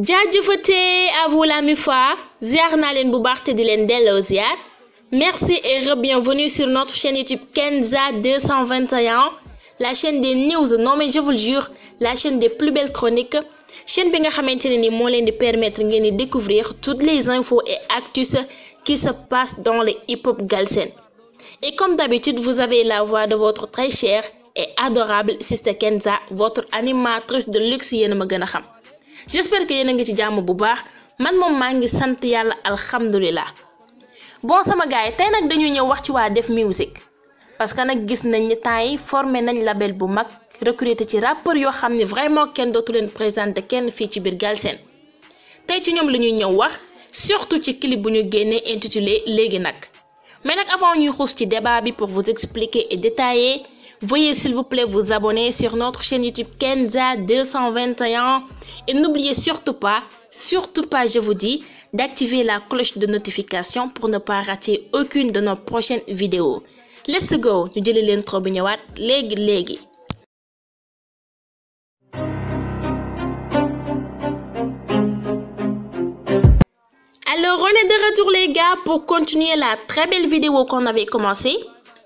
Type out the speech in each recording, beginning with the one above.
jaajëfatee à vous la mi fois ziar bu merci et bienvenue sur notre chaîne YouTube Kenza 221 la chaîne des news non mais je vous le jure la chaîne des plus belles chroniques chaîne bi nga xamanteni ni permettre ngeen découvrir toutes les infos et actus qui se passent dans les hip-hop galsen et comme d'habitude vous avez la voix de votre très chère et adorable sister Kenza votre animatrice de luxe yéen j'espère que yéen a ngi ci jàmm bu baax man moom maa ngi sant yàlla alhamdulilah boo sama gars yi tey nag dañuy ñëw wax ci waa Def Music parce que nag gis nañ ni temps yi formé nañ label bu mag recruté ci rappeur yoo xam ne vraiment kenn dootu leen présenté kenn fii ci biir Galsen tey ci ñoom la ñuy ñëw wax surtout ci clip bu ñu génnee intitulé léegi nag mais nag avant ñuy xuus ci débat bi pour vous expliquer et détailler voyez s'il vous plaît vous abonner sur notre chaîne YouTube Kenza 221 et n'oubliez surtout pas, surtout pas je vous dis, d'activer la cloche de notification pour ne pas rater aucune de nos prochaines vidéos. Let's go nous dit l'intro leg leg. Alors on est de retour les gars pour continuer la très belle vidéo qu'on avait commencée.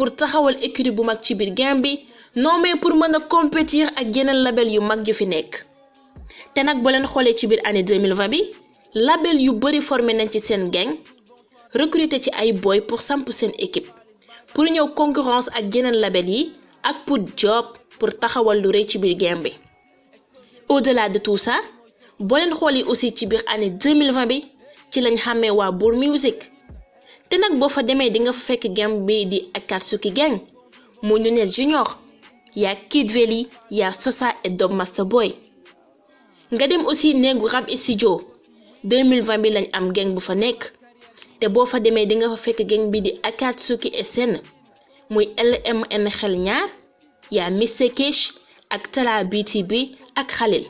pour taxawal équipe bu mag ci bir game bi non mais pour mën compétir ak yeneen label yu mag yu fi nek té nak boo leen xoolee ci bir année 2020 bi label yu bëri formé nañ ci sen gang recruter ci ay boy pour samp sen équipe pour ñëw concurrence ak yeneen label yi ak pour job pour taxawal lu rëy ci bir game bi au-delà de tout ça boo leen xoolee aussi ci bir année 2020 bi ci lañ xamé wa bour Music te nag boo fa demee di nga fa fekk gang bi di Akatsuki Gang Millionaire Junior yaa Kid Veli yaa Sosa et Dom Master Boy nga dem aussi néegu rap studio 2020 bi lañ am gang bu fa nekk te boo fa demee dinga nga fa fekk gang bi di Akatsuki SN muy LMN xel ñaar yaa Mr Cash ak Tala bi ak Khalil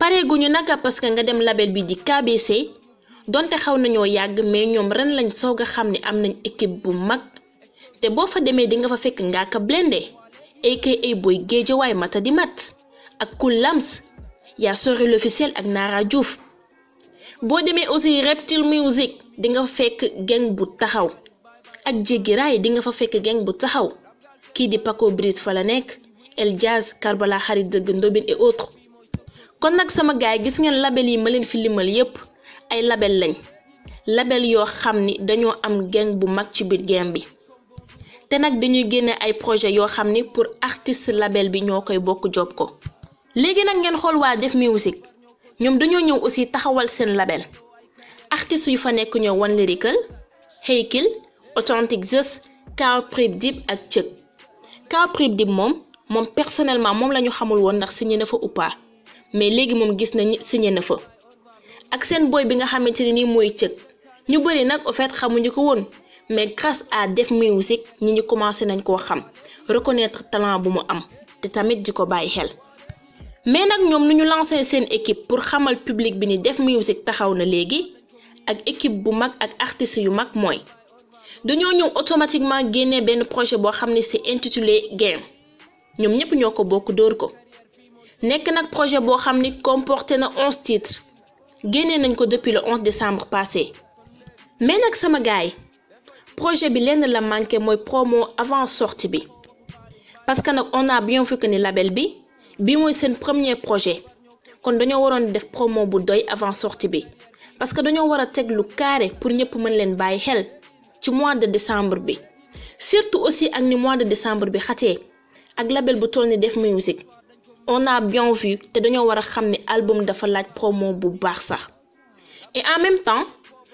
pareeguñu naka parce que nga dem label bi di KBC. donte xaw nañoo yàgg mais ñoom ren lañ soog a xam ne am nañ équipe bu mag te boo fa demee di nga fa fekk Ngaaka Blindé aka Boy Guédiawaye mata di mat ak Koul Lams yaa sori l'officiel ak Nara juuf boo demee aussi Reptile Music di nga fa fekk geng bu taxaw ak jéggi raay di nga fa fekk geng bu taxaw kii di Paco Briz fa la nekk El Jazz Karbala xarit dëgg Ndobin et autres kon nag sama gaay gis ngeen label yi ma leen fi limal yépp ay label lañ label yoo xam ni dañoo am gang bu mag ci biir game bi te nag dañuy génne ay projet yoo xam ni pour artist label bi ñoo koy bokk job ko léegi nag ngeen xool waa Def Music ñoom dañoo ñëw aussi taxawal seen label artistes yu fa nekk ñoo One Lyrical Hakill Authentic Zeus Kao Prip Dip ak Cëg Kao Prip moom moom personnellement moom la ñu xamul woon ndax signé na fa ou pas mais léegi moom gis nañu signé na fa ak seen boy bi nga xamante ni nii mooy cëg ñu bëri nag au fait xamuñu ko woon mais grâce à Def Music ñi ñu commencé nañ koo xam reconnaître talent bu mu am te tamit di ko bàyyi xel. mais nag ñoom nu ñu lancé seen équipe pour xamal public bi ni Def Music taxaw na léegi ak équipe bu mag ak artiste yu mag mooy dañoo ñëw automatiquement génnee benn projet boo xam ne c'est intitulé Game ñoom ñëpp ñoo ko bokk dóor ko nekk nag projet boo xam ni comporté na onze titres génné nañ ko depuis le 11 décembre passé mais nak sama gaay projet bi lén la manqué moy promo avant sortie bi parce que nak on a bien vu que ni label bi bi moy premier projet kon dañoo waron def promo bu doy avant sortie bi parce que dañoo wara a lu carré pour ñepp mën leen bàyyi xel ci mois de décembre bi surtout aussi ak ni mois de décembre bi xaté ak label bu tolni de Def musique on a bien vu te dañoo wara xamné album dafa laaj promo bu baax sax et en même temps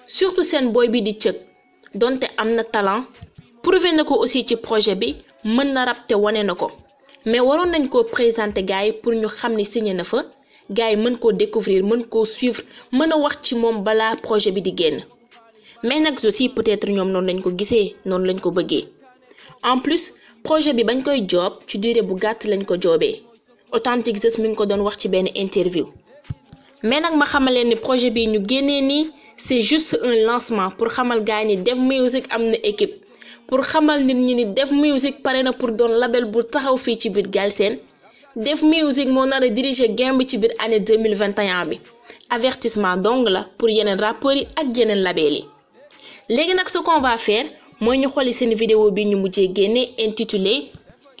surtout sen boy bi di cëg donte amna talent prouvé nako aussi ci projet bi mën na rap te wane na mais waroon nañ ko présenter gars pour ñu xamné signé na fa gars yi mën découvrir mën ko suivre mën wax ci mom bala projet bi di génn mais nak aussi peut-être ñom non lañ ko gissé non lañ ko bëggé en plus projet bi bañ koy job ci durée bu gatt lañ ko joobee. Authentic Zeus mi ngi ko doon wax ci benn interview mais nag ma xamal leen ni projet bi ñu génnee ni c'est juste un lancement pour xamal gars yi ni Dev Music am na équipe pour xamal nit ñi ni Dev Music pare na pour doon label bu taxaw fii ci biir Galsen Dev Music moo nar a diriger Gemb ci biir année 2021 bi avertissement dong la pour yeneen rappeurs yi ak yeneen label yi léegi nag ce qu'on faire mooy ñu xooli seen vidéo bi ñu mujjee génnee intitulé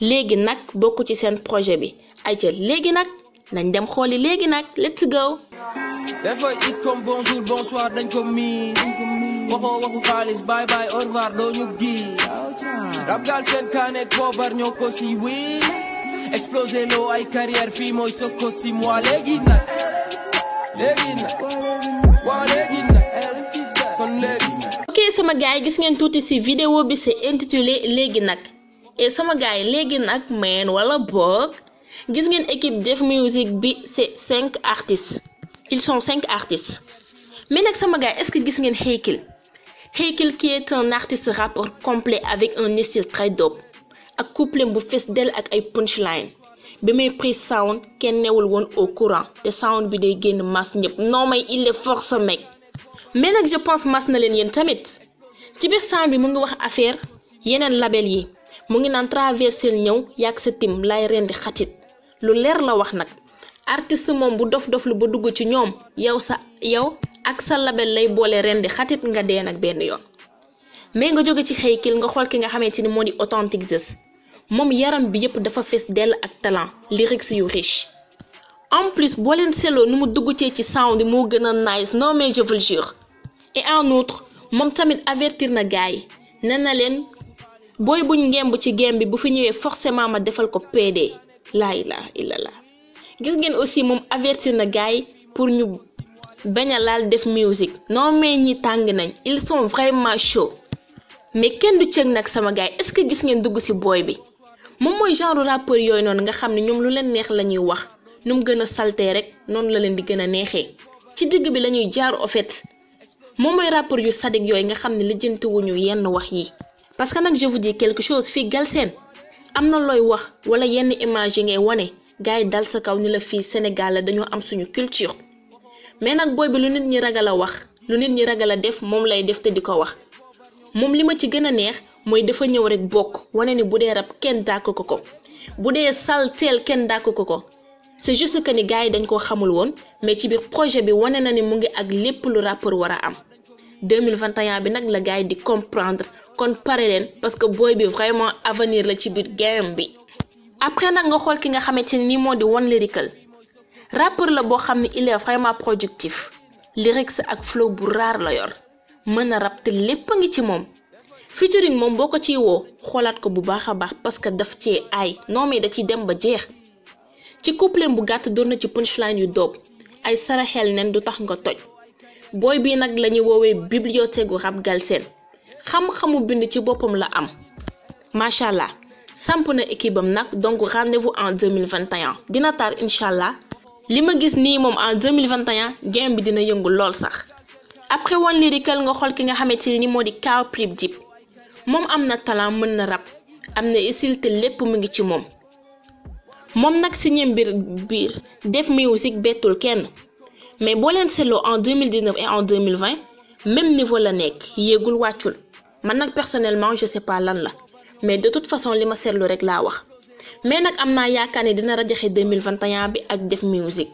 léegi nag bokk ci seen projet bi ayca léegi nag nañ dem xooli léegi nag let's go. dafa it comme bonjour bonsoir dañ ko miis waxoo waxu xaalis bye bye au doo ñu gis rab gaal seen kaaneeg poobar ñoo ko si wis explosé loo ay carrière fii mooy sa ko si moi léegi nag léegi nag waaw sama gars gis ngeen tuuti si vidéo bi c'est intitulé léegi nag et sama gars yi léegi nag meen wala boog gis ngeen équipe Def Music bi c'est cinq artistes ils sont cinq artistes mais nag sama gars est-ce que gis ngeen Hakill Hakill qui est un artiste rappeur complet avec un style très ak couplem bu fees dell ak ay punchline bi may prise sound kenn newul woon au courant te sound bi day génn masse ñëpp noo mais il est fort ce mec mais nag je pense masse na leen yéen tamit ci biir sound bi mu ngi wax affaire yeneen label yi mu ngi naan traversé ñëw yàgg sa tim lay rendi xatit lu leer la wax nag artiste moom bu dof dof lu ba dugg ci ñoom yow sa yow ak sa label lay boole ren di xatit nga dee nag benn yoon mais nga jóge ci xëykil nga xool ki nga xamante ni moo di authentique Zeus moom yaram bi yépp dafa fees dell ak talent lyrics yu riche en plus boo leen seetloo ni mu duggutee ci sound moo gën a nice non mais je et en outre moom tamit avertir na gars yi nee na leen booy buñ ngemb ci gem bi bu fi ñëwee forcément ma defal ko PD laa ilaha illallah gis ngeen aussi moom avertir na gars yi pour ñu bañ a laal def musique non mais ñi tàng nañ ils sont vraiment chauds mais kenn du cëg nag sama gars yi ce que gis ngeen dugg ci booy bi moom mooy genre rappeur yooyu noonu nga xam ne ñoom lu leen neex la ñuy wax nu mu gën a saltee rek noonu la leen di gën a neexee ci digg bi la ñuy jaar ofet fait moom mooy rappeur yu sadik yooyu nga xam ne lijjantiwuñu yenn wax yi parce que nag je vous dis quelque chose fii Galsen am na looy wax wala yenn image yi ngay wane gars yi dal sa kaw ni la fii Sénégal la dañoo am suñu culture mais nag booy bi lu nit ñi ragal a wax lu nit ñi ragal a def moom lay def te di ko wax moom li ma ci gën a neex mooy dafa ñëw rek bokk wane ni bu dee rab kenn dàkk ko ko bu dee salteel kenn dàkk ko ko c'est juste que ni gars yi dañ koo xamul woon mais ci biir projet bi wane na ni mu ngi ak lépp lu rapport war a am. 2021 bi nag la gars yi di comprendre kon pare leen parce que booy bi vraiment avenir la ci biir game bi. après nag nga xool ki nga xamante ni moo di One Lyrical rappeur la boo xam ne il est vraiment productif lyrics ak flow bu raar la yor mën a rap te lépp a ngi ci moom. featuring moom boo ko ci woo xoolaat ko bu baax a baax parce que daf cee aay non mais da ciy dem ba jeex ci couplet bu gàtt door na ci punchline yu doob ay saraxel neen du tax nga toj. booy bi nag la ñu woowee bibliothèque gu rap galsen xam-xamu bind ci boppam la am macha allah samp na équipe nag donc rendez-vous en 2021 dina taar incha allah li ma gis nii moom en 2021 game bi dina yëngu lool sax après One Lyrical nga xool ki nga xamante ni moo di Kaw Prip Dip moom am na talent mën na rab am na isil te lépp mu ngi ci moom moom nag si ñëm biir biir def musique bettul kenn mais boo leen en 2019 et en 2020 même niveau la nek, yegul wàccul man nag personnellement je sais pas lan la mais de toute façon li ma seetlu rek la wax mais nak amna yakane yaakaar ne dina rajaxe 2021 bi ak Def Music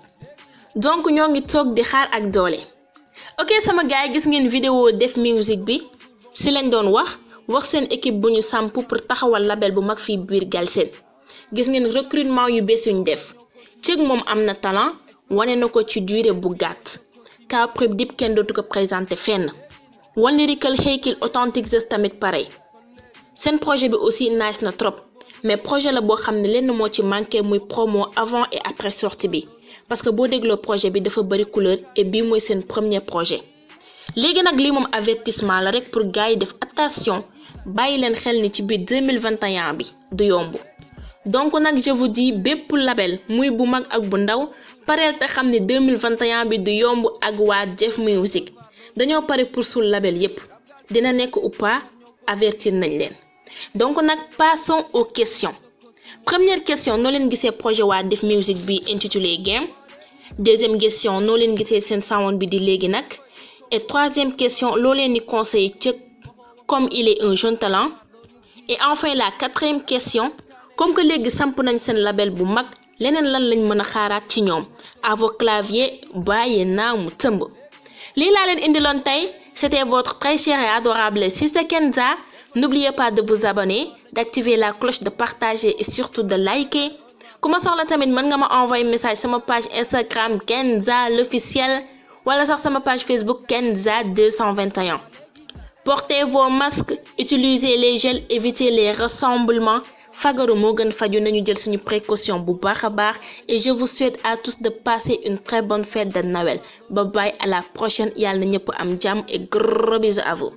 donc ñongi tok di xaar ak doole ok sama gars yi gis ngeen vidéo Def Music bi si lañ doon wax wax sen équipe buñu ñu samp pour taxawal label bu mag fi biir Galsen gis ngeen recrutement yu bees yuñ def Ci moom am talent wane na ko ci duire bu gàtt cas prep dip kenn dootu ko présenté fenn One Lyrical Haikyll Authentic Zest tamit pareil seen projet bi aussi nice na trop mais projet la boo xam ne lenn moo ci manqué muy promo avant et après sortie bi parce que boo dégloo projet bi dafa bëri couleur et bii mooy seen premier projet léegi nag lii moom avertissement la rek pour gars yi def attention bàyyi leen xel ni ci biir 2021 bi du yomb donc nak je vous dis bépp label muy bu mag ak bu ndaw parel te xamni 2021 bi du yomb ak waa def Music daño paré pour sul label yépp dina nek ou pas avertir nañ len donc nak passons aux questions première question no len gissé projet waa def Music bi intitulé Game deuxième question no len gissé sen sound bi di légui nak et troisième question lo len ni conseil comme il est un jeune talent et enfin la quatrième question comme que légui samp nañ sen label bu mag leneen lan lañ mën xaraat ci ñom à vos claviers bàyyi naamu tëmb lii c'était votre très chère et adorable Sister Kenza n'oubliez pas de vous abonner d'activer la cloche de partager et surtout de liker kuma ma soxla tamit mën nga ma envoyer message ma page Instagram Kenza l'officiel wala sax sama page Facebook Kenza 221 portez vos masques utilisez les gels évitez les rassemblements Fagorou Morgan, gën faju nañu jël suñu précaution bu baaxa et je vous souhaite à tous de passer une très bonne fête de Noël bye bye à la prochaine yal ñëpp am jàmm et gros bisous à vous